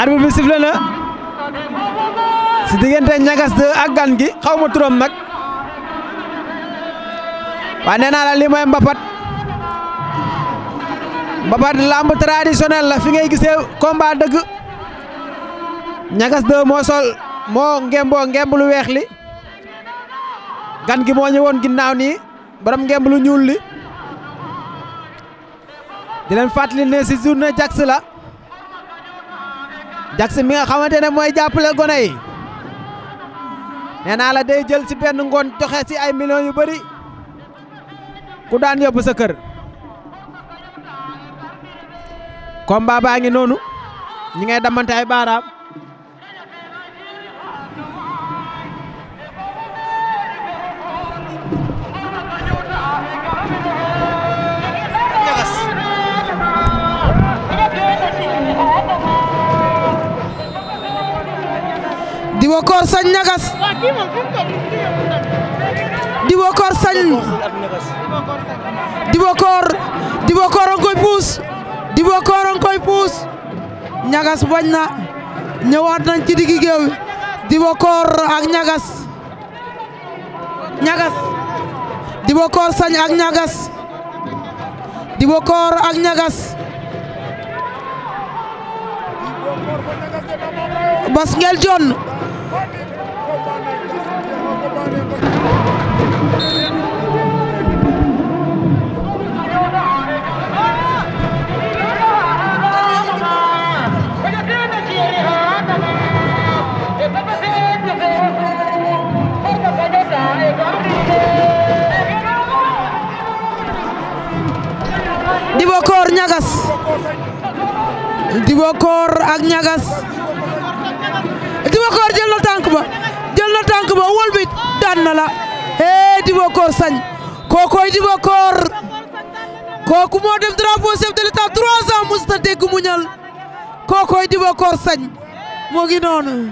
arbitre bi sifflé na si diggante ñagas de ak gan gi xaw ma turam nag waaye nee naa la lii mooy mbapat mbapat lamb traditionnel la fi ngay gisee combat dëgg ñagas de moo sol moo ngemboo ngemb lu weex li gan gi moo ñëwoon ginnaaw nii borom ngemb lu ñuul li di leen fàttali ne si journée Diaks la Jackson mi nga xamante ne mooy jàppale gone yi nee naa la day jël ci benn ngoon joxe ci ay millions yu bari ku daan yóbbu sa kër combat baa ngi noonu ñi ngay damante ay baaraam Dibocor sañ ñagas Dibocor sañ Dibocor Dibocor ang puus Dibocor ang koy ñagas bañ na ñëwaat nañ ci diggi géew Dibocor ak ñagas ñagas Dibocor sañ ak ñagas Dibocor ak ñagas Bas Ngel Dibakor ñagas Dibakor ak ñagas Dibakor jël na tànk ba jël na tànk ba wol bi daan na la hee sañ kookoy Dibakor kooku moo def drapeau chef de l'état trois ans musta dégg mu ñal kookoy Dibakor sañ moo noonu